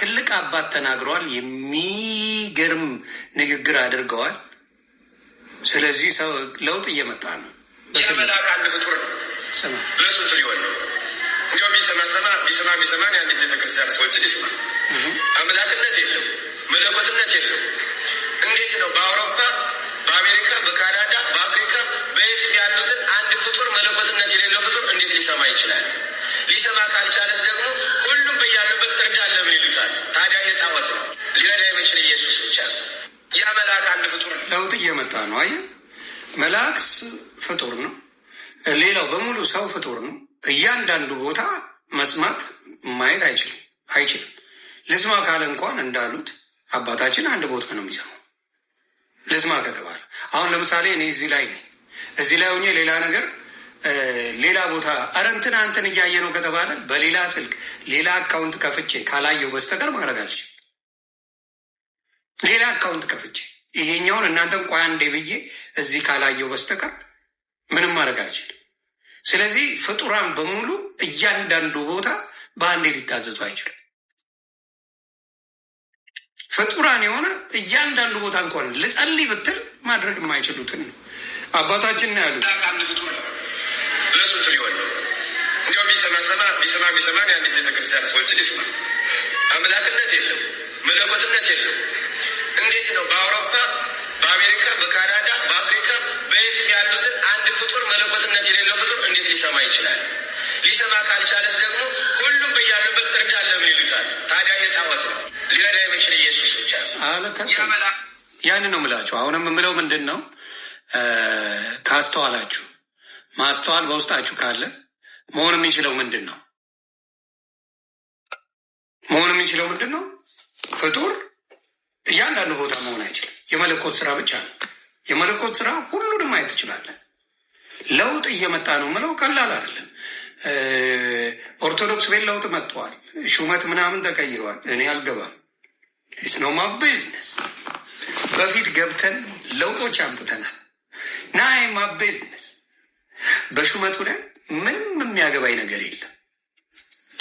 ትልቅ አባት ተናግረዋል። የሚገርም ንግግር አድርገዋል። ስለዚህ ሰው ለውጥ እየመጣ ነው። የመላክ አንድ ፍጡር ነው። ለስንቱ ሊሆን ነው? እንዲያው ቢሰማ ሰማ ቢሰማ ቢሰማ የአንድ ቤተክርስቲያን ሰዎችን ይስማ። አምላክነት የለም መለኮትነት የለው። እንዴት ነው በአውሮፓ በአሜሪካ በካናዳ በአፍሪካ በየትም ያሉትን አንድ ፍጡር መለኮትነት የሌለው ፍጡር እንዴት ሊሰማ ይችላል? ሊሰማ ካልቻለስ ደግሞ ሁሉም በያሉበት እርዳን ለምን ይሉታል? ታዲያ የታወት ነው ሊረዳ የመችል ኢየሱስ ብቻ ነው። ያ መልአክ አንድ ፍጡር ነው። ለውጥ እየመጣ ነው። አየ መልአክስ ፍጡር ነው። ሌላው በሙሉ ሰው ፍጡር ነው። እያንዳንዱ ቦታ መስማት ማየት አይችልም አይችልም። ልስማ ካለ እንኳን እንዳሉት አባታችን አንድ ቦታ ነው የሚሰማው። ልስማ ከተባለ አሁን ለምሳሌ እኔ እዚህ ላይ ነኝ። እዚህ ላይ ሆኜ ሌላ ነገር ሌላ ቦታ ኧረ እንትና እንትን እያየ ነው ከተባለ በሌላ ስልክ ሌላ አካውንት ከፍቼ ካላየው በስተቀር ማድረግ አልችልም። ሌላ አካውንት ከፍቼ ይሄኛውን እናንተን ቆይ አንዴ ብዬ እዚህ ካላየው በስተቀር ምንም ማድረግ አልችልም። ስለዚህ ፍጡራን በሙሉ እያንዳንዱ ቦታ በአንዴ ሊታዘዙ አይችልም። ፍጡራን የሆነ እያንዳንዱ ቦታ እንኳን ልጸልይ ብትል ማድረግ የማይችሉትን ነው አባታችን ነው ያሉት። የእሱን ፍል ይሆን እንዲያው ቢሰማ ቢሰማ ያን ቤተክርስቲያን ሰዎችን ይስማ። አምላክነት የለም፣ መለኮትነት የለም። እንዴት ነው በአውሮፓ፣ በአሜሪካ፣ በካናዳ፣ በአፍሪካ በየትም ያሉትን አንድ ፍጡር መለኮትነት የሌለው ፍጡር እንዴት ሊሰማ ይችላል? ሊሰማ ካልቻለስ ደግሞ ሁሉም በያሉበት እርዳ ለምን ይሉታል? ታዲያ የታወት ነው ሊረዳ የሚችል ኢየሱስ ብቻ ያን ነው ምላቸው። አሁንም ምለው ምንድን ነው ካስተዋላችሁ ማስተዋል በውስጣችሁ ካለ መሆን የሚችለው ምንድን ነው? መሆን የሚችለው ምንድን ነው? ፍጡር እያንዳንዱ ቦታ መሆን አይችልም። የመለኮት ስራ ብቻ ነው። የመለኮት ስራ ሁሉንም ማየት ትችላለን። ለውጥ እየመጣ ነው ምለው ቀላል አይደለም። ኦርቶዶክስ ቤት ለውጥ መጥተዋል። ሹመት ምናምን ተቀይረዋል። እኔ አልገባም። ኢትስ ቢዝነስ። በፊት ገብተን ለውጦች አምጥተናል። ናይ ቢዝነስ በሹመቱ ላይ ምንም የሚያገባኝ ነገር የለም።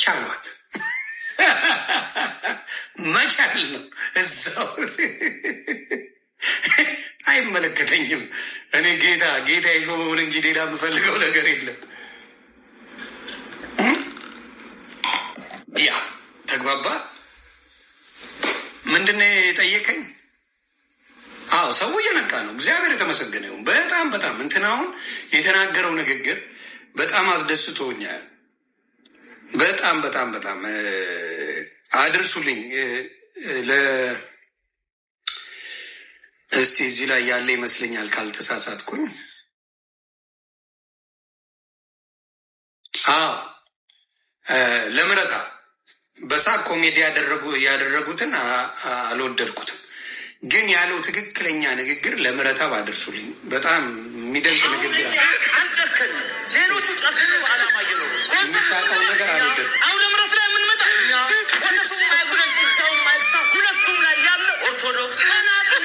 ቻሏት መቻል ነው። እዛው አይመለከተኝም። እኔ ጌታ ጌታ የሾመውን እንጂ ሌላ የምፈልገው ነገር የለም። የተሳካ ነው። እግዚአብሔር የተመሰገነ ይሁን። በጣም በጣም እንትናሁን የተናገረው ንግግር በጣም አስደስቶኛል። በጣም በጣም በጣም አድርሱልኝ። እስቲ እዚህ ላይ ያለ ይመስለኛል ካልተሳሳትኩኝ። አዎ ለምረታ በሳቅ ኮሜዲ ያደረጉትን አልወደድኩትም። ግን ያለው ትክክለኛ ንግግር ለምረታብ አድርሱልኝ። በጣም የሚደንቅ ንግግር ሌሎቹ የሚሳቀው ነገር አለ። አሁን ምረት ላይ የምንመጣ ሁለቱም ላይ ያለ ኦርቶዶክስ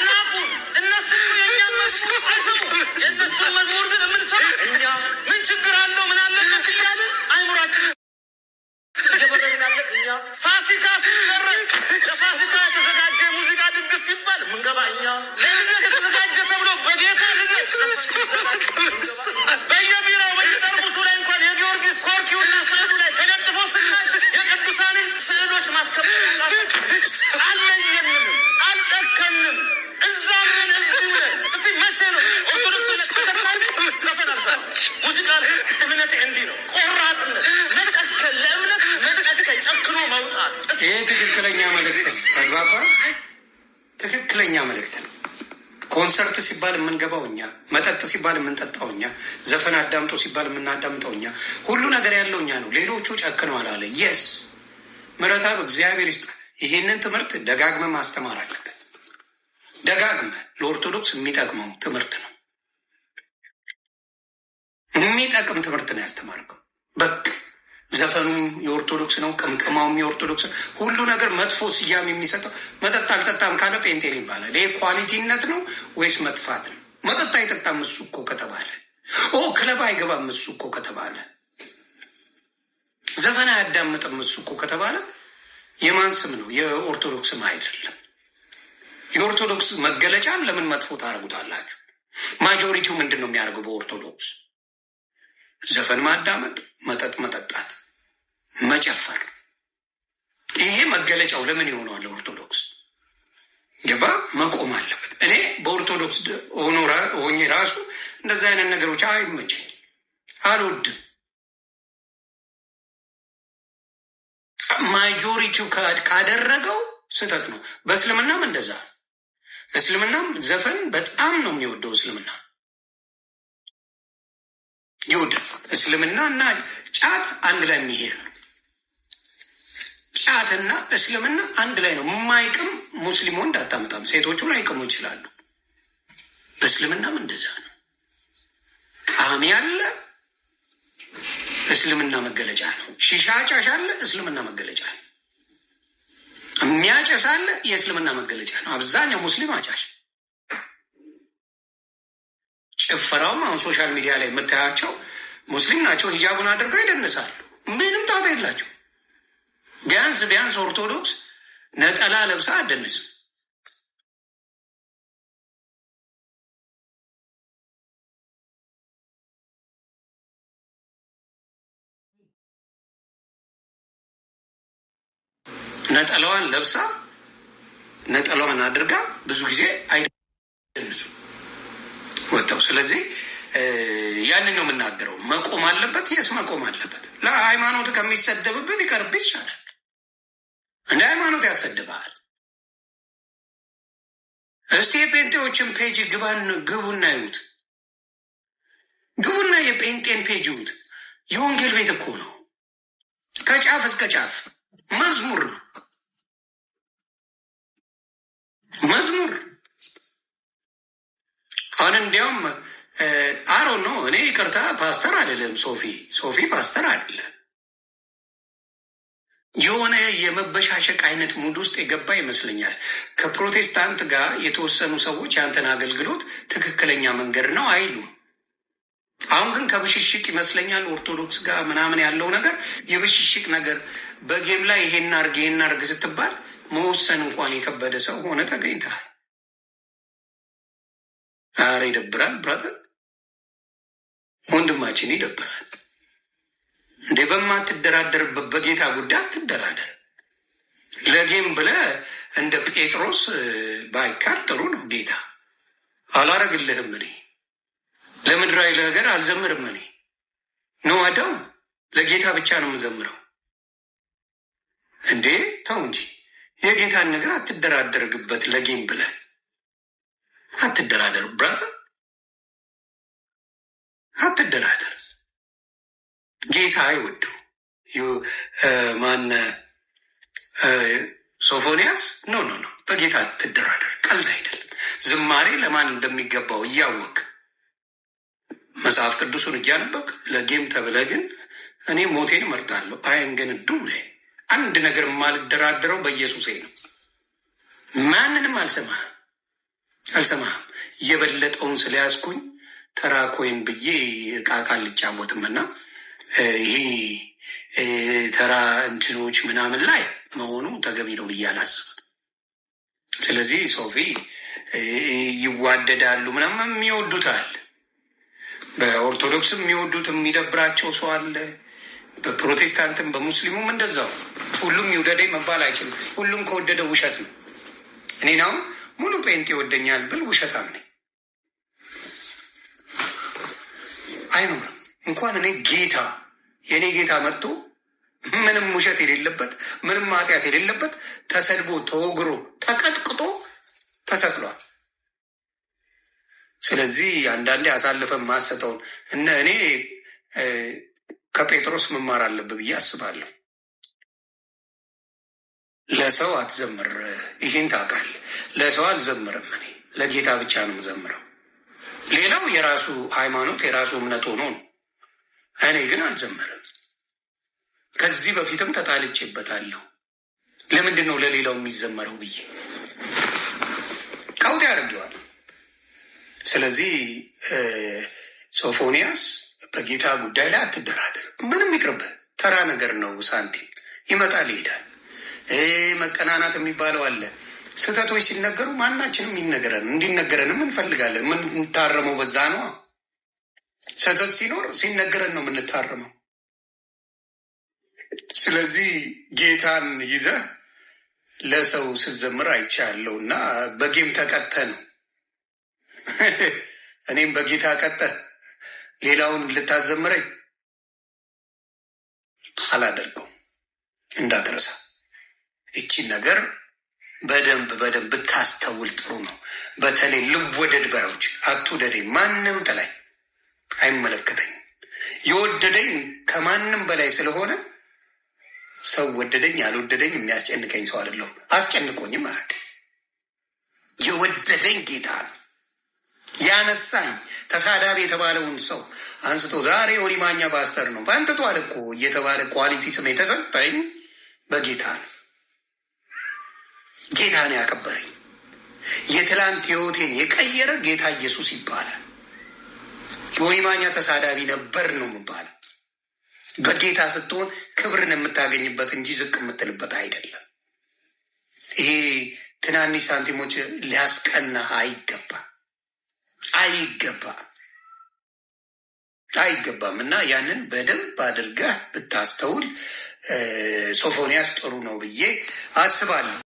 ናቁ እነሱ የኛ መስሉ አይሰሙ የነሱ ማስከብላቸው አልለየንም፣ አልጨከንም። እዛ ምን እዚህ ውለን እስቲ መቼ ነው ኦርቶዶክስ ተጨካኝ ሙዚቃ እምነት እንዲህ ነው። ቆራጥነት፣ መጨከል፣ ለእምነት መጨከል፣ ጨክኖ መውጣት። ይሄ ትክክለኛ መልእክት ተግባባ። ትክክለኛ መልእክት ነው። ኮንሰርት ሲባል የምንገባው እኛ፣ መጠጥ ሲባል የምንጠጣው እኛ፣ ዘፈን አዳምጦ ሲባል የምናዳምጠው እኛ፣ ሁሉ ነገር ያለው እኛ ነው። ሌሎቹ ጨክነዋል አለ የስ ምረታብ እግዚአብሔር ይስጥ። ይህንን ትምህርት ደጋግመ ማስተማር አለበት። ደጋግመ ለኦርቶዶክስ የሚጠቅመው ትምህርት ነው። የሚጠቅም ትምህርት ነው ያስተማርከው። በቃ ዘፈኑም የኦርቶዶክስ ነው፣ ቅምቅማውም የኦርቶዶክስ ነው። ሁሉ ነገር መጥፎ ስያሜ የሚሰጠው መጠጥ አልጠጣም ካለ ጴንጤን ይባላል። ይሄ ኳሊቲነት ነው ወይስ መጥፋት ነው? መጠጥ አይጠጣም እሱ እኮ ከተባለ፣ ኦ ክለብ አይገባም እሱ እኮ ከተባለ ዘፈን አያዳምጥም እሱ እኮ ከተባለ የማን ስም ነው? የኦርቶዶክስም አይደለም። የኦርቶዶክስ መገለጫን ለምን መጥፎ ታደርጉታላችሁ? ማጆሪቲው ምንድን ነው የሚያደርገው? በኦርቶዶክስ ዘፈን ማዳመጥ፣ መጠጥ መጠጣት፣ መጨፈር፣ ይሄ መገለጫው ለምን ይሆነዋል? ኦርቶዶክስ ገባ መቆም አለበት። እኔ በኦርቶዶክስ ሆኖ ሆኜ ራሱ እንደዚህ አይነት ነገሮች አይመቸኝ፣ አልወድም። ማጆሪቲው ካደረገው ስህተት ነው። በእስልምናም እንደዛ እስልምናም ዘፈን በጣም ነው የሚወደው። እስልምና ይወዳል። እስልምና እና ጫት አንድ ላይ የሚሄድ ነው። ጫትና እስልምና አንድ ላይ ነው። የማይቅም ሙስሊም እንዳታመጣም አታመጣም። ሴቶቹ ላይቅሙ ይችላሉ። በእስልምናም እንደዛ ነው። ቃሚ ያለ እስልምና መገለጫ ነው። ሺሻ ጫሽ አለ፣ እስልምና መገለጫ ነው። የሚያጨስ አለ፣ የእስልምና መገለጫ ነው። አብዛኛው ሙስሊም አጫሽ። ጭፈራውም አሁን ሶሻል ሚዲያ ላይ የምታያቸው ሙስሊም ናቸው፣ ሂጃቡን አድርገው ይደንሳሉ። ምንም ጣጣ የላቸው። ቢያንስ ቢያንስ ኦርቶዶክስ ነጠላ ለብሳ አደንስም። ነጠላዋን ለብሳ ነጠላዋን አድርጋ ብዙ ጊዜ አይደንሱም ወጣው። ስለዚህ ያንን ነው የምናገረው። መቆም አለበት። የስ መቆም አለበት። ለሃይማኖት ከሚሰደብብን ይቀርብ ይሻላል። እንደ ሃይማኖት ያሰድበሃል። እስቲ የጴንጤዎችን ፔጅ ግባን ግቡና ይዩት። ግቡና የጴንጤን ፔጅ ይዩት። የወንጌል ቤት እኮ ነው፣ ከጫፍ እስከ ጫፍ መዝሙር ነው። መዝሙር አሁን እንዲያውም አሮ ነው። እኔ ይቅርታ ፓስተር አይደለም ሶፊ ሶፊ ፓስተር አይደለም። የሆነ የመበሻሸቅ አይነት ሙድ ውስጥ የገባ ይመስለኛል። ከፕሮቴስታንት ጋር የተወሰኑ ሰዎች ያንተን አገልግሎት ትክክለኛ መንገድ ነው አይሉም። አሁን ግን ከብሽሽቅ ይመስለኛል ኦርቶዶክስ ጋር ምናምን ያለው ነገር የብሽሽቅ ነገር በጌም ላይ ይሄን አርግ ይሄን አርግ ስትባል መወሰን እንኳን የከበደ ሰው ሆነ ተገኝታል። አረ ይደብራል ብራተር ወንድማችን ይደብራል። እንዴ በማትደራደርበት በጌታ ጉዳይ አትደራደር። ለጌም ብለህ እንደ ጴጥሮስ ባይካር ጥሩ ነው። ጌታ አላረግልህም፣ እኔ ለምድራዊ ለነገር አልዘምርም። እኔ ነው አዳው ለጌታ ብቻ ነው የምዘምረው። እንዴ ተው እንጂ የጌታን ነገር አትደራደርግበት። ለጌም ብለህ አትደራደር፣ ብራ አትደራደር። ጌታ አይወደው ማነ ሶፎንያስ ኖ ኖ ኖ፣ በጌታ አትደራደር። ቀልድ አይደለም። ዝማሬ ለማን እንደሚገባው እያወቅ መጽሐፍ ቅዱሱን እያነበቅ ለጌም ተብለ ግን እኔ ሞቴን እመርጣለሁ አየን ግን ዱ ላይ አንድ ነገር የማልደራደረው በኢየሱሴ ነው። ማንንም አልሰማ አልሰማህም። የበለጠውን ስለያዝኩኝ ተራኮይን ብዬ እቃ እቃ አልጫወትም እና ይሄ ተራ እንትኖች ምናምን ላይ መሆኑ ተገቢ ነው ብዬ አላስብም። ስለዚህ ሶፊ ይዋደዳሉ ምናምን የሚወዱታል። በኦርቶዶክስም የሚወዱት የሚደብራቸው ሰው አለ። በፕሮቴስታንትም በሙስሊሙም እንደዛው ሁሉም ይውደደኝ መባል አይችልም። ሁሉም ከወደደ ውሸት ነው። እኔ ናሁም ሙሉ ጴንጤ ይወደኛል ብል ውሸታም ነኝ፣ አይኖርም። እንኳን እኔ ጌታ የእኔ ጌታ መጥቶ ምንም ውሸት የሌለበት ምንም ማጥያት የሌለበት ተሰድቦ ተወግሮ ተቀጥቅጦ ተሰቅሏል። ስለዚህ አንዳንዴ አሳልፈን ማሰጠውን እነ እኔ ከጴጥሮስ መማር አለብ ብዬ አስባለሁ። ለሰው አትዘምር፣ ይህን ታውቃለህ። ለሰው አልዘምርም፣ እኔ ለጌታ ብቻ ነው ዘምረው? ሌላው የራሱ ሃይማኖት የራሱ እምነት ሆኖ ነው። እኔ ግን አልዘምርም። ከዚህ በፊትም ተጣልቼበታለሁ። ለምንድን ነው ለሌላው የሚዘመረው ብዬ ቀውጤ አድርጌዋል። ስለዚህ ሶፎንያስ በጌታ ጉዳይ ላይ አትደራደር። ምንም ይቅርብህ፣ ተራ ነገር ነው። ሳንቲ ይመጣል ይሄዳል። መቀናናት የሚባለው አለ። ስህተቶች ሲነገሩ ማናችንም ይነገረን እንዲነገረንም እንፈልጋለን። የምንታረመው በዛ ነው። ስህተት ሲኖር ሲነገረን ነው የምንታረመው። ስለዚህ ጌታን ይዘህ ለሰው ስዘምር አይቻለሁ እና በጌም ተቀጠ ነው። እኔም በጌታ ቀጠ ሌላውን ልታዘምረኝ አላደርገውም። እንዳትረሳ እቺን ነገር በደንብ በደንብ ብታስተውል ጥሩ ነው። በተለይ ልብ ወደድ ባዮች አትውደደኝ፣ ማንም ጥላኝ አይመለከተኝም። የወደደኝ ከማንም በላይ ስለሆነ ሰው ወደደኝ አልወደደኝ የሚያስጨንቀኝ ሰው አይደለሁም። አስጨንቆኝም አያውቅም። የወደደኝ ጌታ ነው። ያነሳኝ ተሳዳቢ የተባለውን ሰው አንስቶ ዛሬ ኦሊማኛ ባስተር ነው በአንተቱ አለኮ እየተባለ ኳሊቲ ስም የተሰጠኝ በጌታ ነው። ጌታ ነው ያከበረኝ። የትላንት ሕይወቴን የቀየረ ጌታ ኢየሱስ ይባላል። የኦሊማኛ ተሳዳቢ ነበር ነው የምባለው። በጌታ ስትሆን ክብርን የምታገኝበት እንጂ ዝቅ የምትልበት አይደለም። ይሄ ትናንሽ ሳንቲሞች ሊያስቀና አይገባም። አይገባም አይገባም እና ያንን በደንብ አድርገህ ብታስተውል ሶፎንያስ ጥሩ ነው ብዬ አስባለሁ።